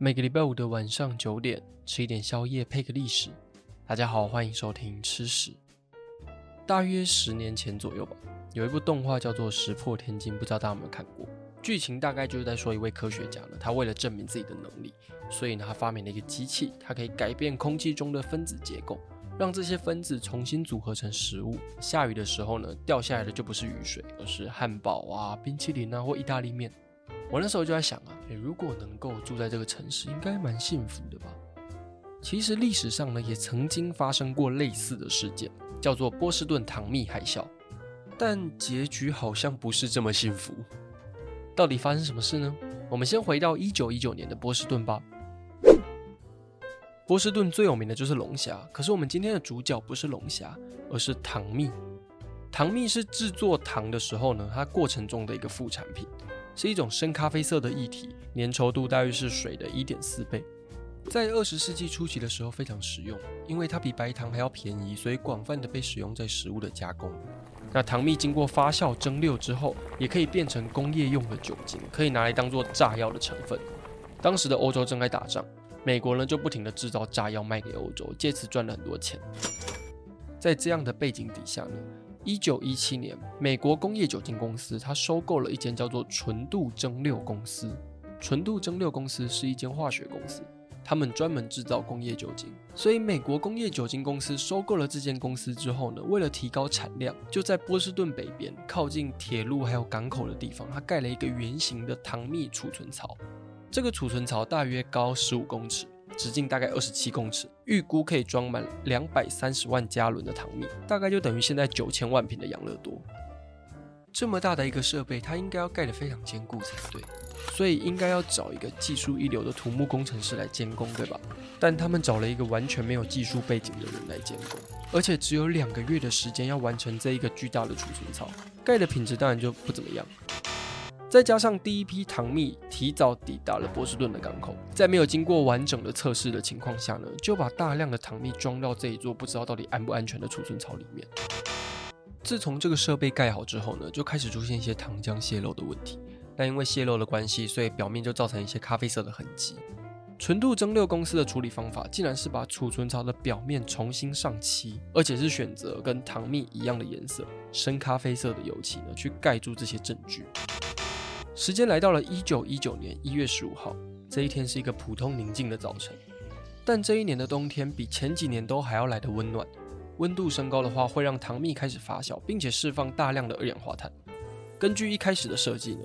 每個禮拜五的晚上九點，吃一點宵夜配個歷史。大家好，歡迎收聽吃史。大約十年前左右吧，有一部動畫叫做《食破天驚》，不知道大家有沒有看過？劇情大概就是在說一位科學家呢，他為了證明自己的能力，所以呢他發明了一個機器，它可以改變空氣中的分子結構，讓這些分子重新組合成食物。下雨的時候呢，掉下來的就不是雨水，而是漢堡啊、冰淇淋啊或意大利麵。我那時候就在想啊，你、欸、如果能夠住在這個城市，應該蠻幸福的吧？其實歷史上呢，也曾經發生過類似的事件，叫做波士頓糖蜜海嘯，但結局好像不是這麼幸福。到底發生什麼事呢？我們先回到一九一九年的波士頓吧。波士頓最有名的就是龍蝦，可是我們今天的主角不是龍蝦，而是糖蜜。糖蜜是制作糖的時候呢，它過程中的一個副產品。是一種深咖啡色的液體，粘稠度大約是水的一點四倍。在二十世紀初期的時候，非常實用，因為它比白糖還要便宜，所以廣泛的被使用在食物的加工。那糖蜜經過發酵蒸餾之後，也可以變成工業用的酒精，可以拿來當做炸藥的成分。當時的歐洲正在打仗，美國呢就不停的製造炸藥賣給歐洲，借此賺了很多錢。在這樣的背景底下呢。一九一七年，美國工業酒精公司它收購了一間叫做純度蒸餾公司。純度蒸餾公司是一間化學公司，他們專門製造工業酒精。所以，美國工業酒精公司收購了這間公司之後呢，為了提高產量，就在波士頓北邊靠近鐵路還有港口的地方，它蓋了一個圓形的糖蜜儲存槽。這個儲存槽大約高十五公尺。直徑大概二十七公尺，預估可以裝滿兩百三十萬加侖的糖蜜，大概就等於現在九千萬瓶的養樂多。這麼大的一個設備，它應該要蓋得非常堅固才對，所以應該要找一個技術一流的土木工程師來監工，對吧？但他們找了一個完全沒有技術背景的人來監工，而且只有兩個月的時間要完成這一個巨大的儲存槽，蓋的品質當然就不怎麼樣。再加上第一批糖蜜提早抵達了波士頓的港口，在沒有經過完整的測試的情況下呢，就把大量的糖蜜裝到這一座不知道到底安不安全的儲存槽裡面。自從這個設備蓋好之後呢，就開始出現一些糖漿泄漏的問題。但因為泄漏的關係，所以表面就造成一些咖啡色的痕跡。純度蒸餾公司的處理方法竟然是把儲存槽的表面重新上漆，而且是選擇跟糖蜜一樣的顏色——深咖啡色的油漆呢，去蓋住這些證據。時間來到了一九一九年一月十五號，這一天是一個普通寧靜的早晨。但這一年的冬天比前幾年都還要來得溫暖。溫度升高的話，會讓糖蜜開始發酵，並且釋放大量的二氧化碳。根據一開始的設計呢，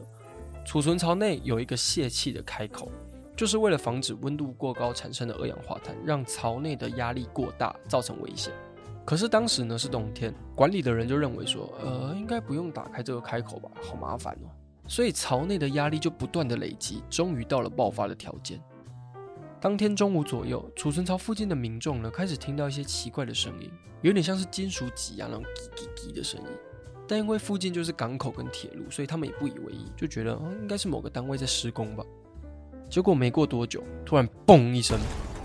儲存槽內有一個洩氣的開口，就是為了防止溫度過高產生的二氧化碳讓槽內的壓力過大造成危險。可是當時呢是冬天，管理的人就認為說，呃，應該不用打開這個開口吧，好麻煩哦。所以槽內的壓力就不斷的累積，終於到了爆發的條件。當天中午左右，儲存槽附近的民眾呢開始聽到一些奇怪的聲音，有點像是金屬擠壓那種嘰嘰嘰的聲音。但因為附近就是港口跟鐵路，所以他們也不以為意，就覺得，哦，應該是某個單位在施工吧。結果沒過多久，突然嘣一聲，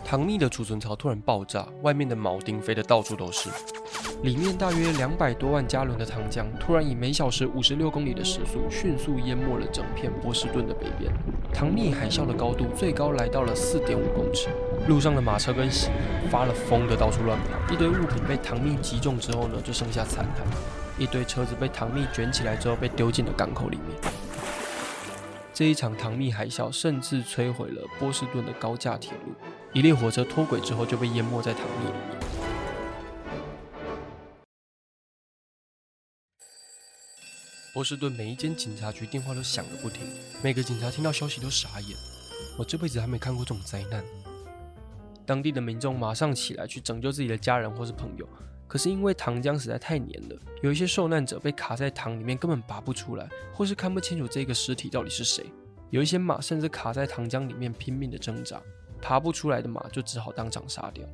糖蜜的儲存槽突然爆炸，外面的鉚釘飛得到處都是。裡面大約兩百多萬加崙的糖漿，突然以每小時五十六公里的時速，迅速淹沒了整片波士頓的北邊。糖蜜海嘯的高度最高來到了四點五公尺，路上的馬車跟行人發了瘋的到處亂跑，一堆物品被糖蜜擊中之後呢，就剩下殘骸。一堆車子被糖蜜卷起來之後，被丟進了港口裡面。這一場糖蜜海嘯甚至摧毀了波士頓的高架鐵路，一列火車脫軌之後就被淹沒在糖蜜裡面。波士頓每一間警察局電話都響個不停，每個警察聽到消息都傻眼，我這輩子還沒看過這種災難。當地的民眾馬上起來去拯救自己的家人或是朋友，可是因為糖漿實在太黏了，有一些受難者被卡在糖裡面根本拔不出來，或是看不清楚這個屍體到底是誰。有一些馬甚至卡在糖漿裡面拼命地掙扎，爬不出來的馬就只好當場殺掉。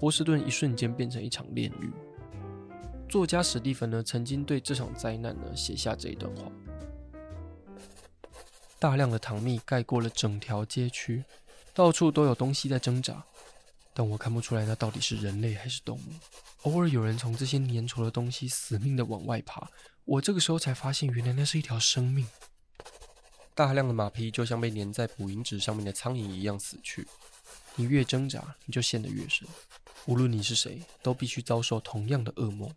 波士頓一瞬間變成一場煉獄。作家史蒂芬呢，曾經對這場災難呢寫下這一段話：大量的糖蜜蓋過了整條街區，到處都有東西在掙扎，但我看不出來那到底是人類還是動物。偶爾有人從這些粘稠的東西死命地往外爬，我這個時候才發現，原來那是一條生命。大量的馬匹就像被粘在捕蠅紙上面的蒼蠅一樣死去。你越掙扎，你就陷得越深。無論你是誰，都必須遭受同樣的噩夢。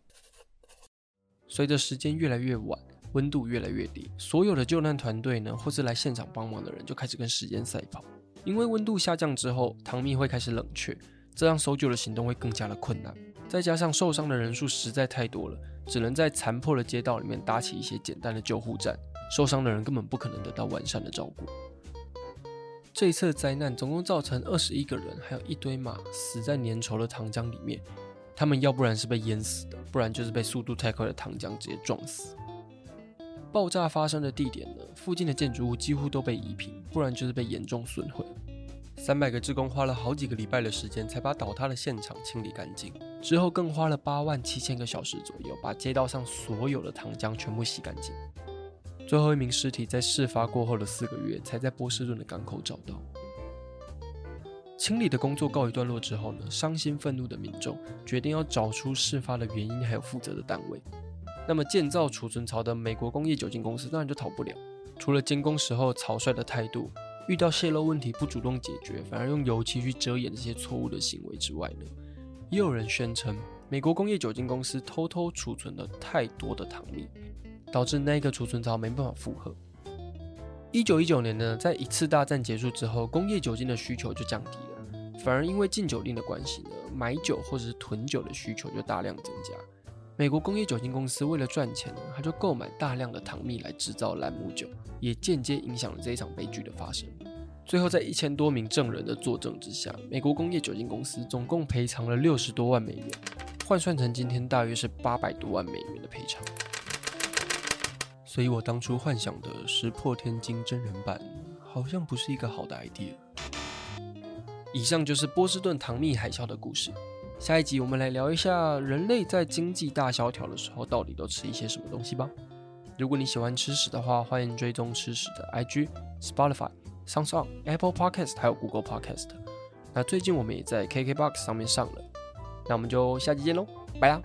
隨着時間越來越晚，溫度越來越低，所有的救難團隊呢，或是來現場幫忙的人，就開始跟時間賽跑。因為溫度下降之後，糖蜜會開始冷卻，這樣搜救的行動會更加的困難。再加上受傷的人數實在太多了，只能在殘破的街道裡面搭起一些簡單的救護站，受傷的人根本不可能得到完善的照顧。這一次災難總共造成二十一個人，還有一堆馬死在粘稠的糖漿裡面。他們要不然是被淹死的，不然就是被速度太快的糖漿直接撞死。爆炸發生的地點呢，附近的建築物幾乎都被夷平，不然就是被嚴重損毀。三百個職工花了好幾個禮拜的時間才把倒塌的現場清理乾淨，之後更花了八萬七千個小時左右把街道上所有的糖漿全部洗乾淨。最後一名屍體在事發過後的四個月才在波士頓的港口找到。清理的工作告一段落之後呢，傷心憤怒的民眾決定要找出事發的原因，還有負責的單位。那麼建造儲存槽的美國工業酒精公司當然就逃不了。除了監工時候草率的態度，遇到洩漏問題不主動解決，反而用油漆去遮掩這些錯誤的行為之外呢，也有人宣稱美國工業酒精公司偷偷儲存了太多的糖蜜，導致那個儲存槽沒辦法負荷。一九一九年呢，在一次大戰結束之後，工業酒精的需求就降低了。反而因為禁酒令的關係呢，買酒或者是囤酒的需求就大量增加。美國工業酒精公司為了賺錢呢，他就購買大量的糖蜜來制造蘭姆酒，也間接影響了這一場悲劇的發生。最後，在一千多名證人的作證之下，美國工業酒精公司總共賠償了六十多萬美元，換算成今天大約是八百多萬美元的賠償。所以，我當初幻想的石破天驚真人版，好像不是一個好的 idea。以上就是波士頓糖蜜海嘯的故事。下一集我們來聊一下人類在經濟大蕭條的時候到底都吃一些什麼東西吧。如果你喜歡吃史的話，歡迎追蹤吃史的 IG、Spotify、SoundOn、Apple Podcasts 還有 Google Podcast。那最近我們也在 KKBox 上面上了。那我們就下期見嘍，拜啦！